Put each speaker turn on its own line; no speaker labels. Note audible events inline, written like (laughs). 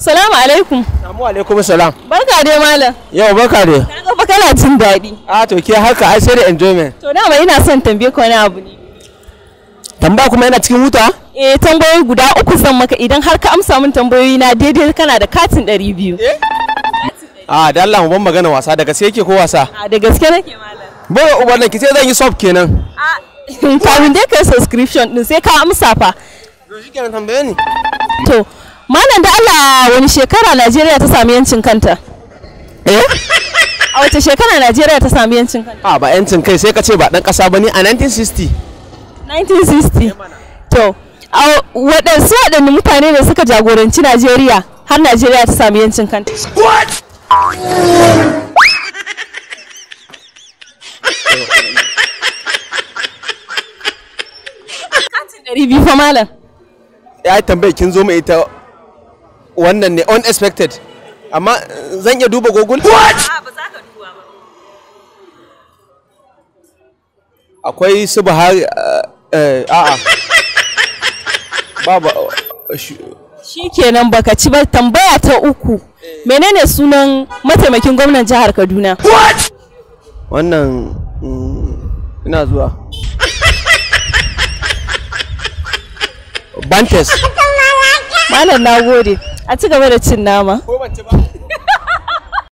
Salamu alaikum. Salamu alaikum salam. Barka dai malam. Yau barka dai. Kaga fa kana jin daɗi. A to ke haka ai sai da enjoyment. To dama ina son tambaye ka wani abu ne. Tamba kuma yana cikin wuta? Eh tambayoyi guda uku zan maka idan har ka amsa min tambayoyi na daidai kana da katin ɗari biyu. Eh? A da Allah mu ban magana wasa da gaske yake ko wasa? A da gaske nake malam. Bai ubannan ki sai zan yi soft kenan. A (laughs) kafin dai kai subscription din sai ka amsa fa. To shikenan tambaye ni. To malam da Allah wani shekara Najeriya ta sami yancin kanta eh a wace shekara Najeriya ta sami yancin kanta a ah, ba yancin kai sai ka ce ba dan kasa bane a 1960 1960 eh, to a waɗansu waɗanne mutane da suka jagoranci Najeriya har Najeriya ta sami yancin kanta what Katin ɗari biyu fa malam. Ya tambaye kin zo mai ita wannan ne unexpected amma zan iya duba google what akwai su buhari eh, eh, a'a (laughs) babu uh, kenan baka ci ba tambaya ta uku menene sunan mataimakin gwamnan jihar kaduna what wannan mm, ina zuwa (laughs) bantes malam na gode a ci gaba da cin nama ko ban ci ba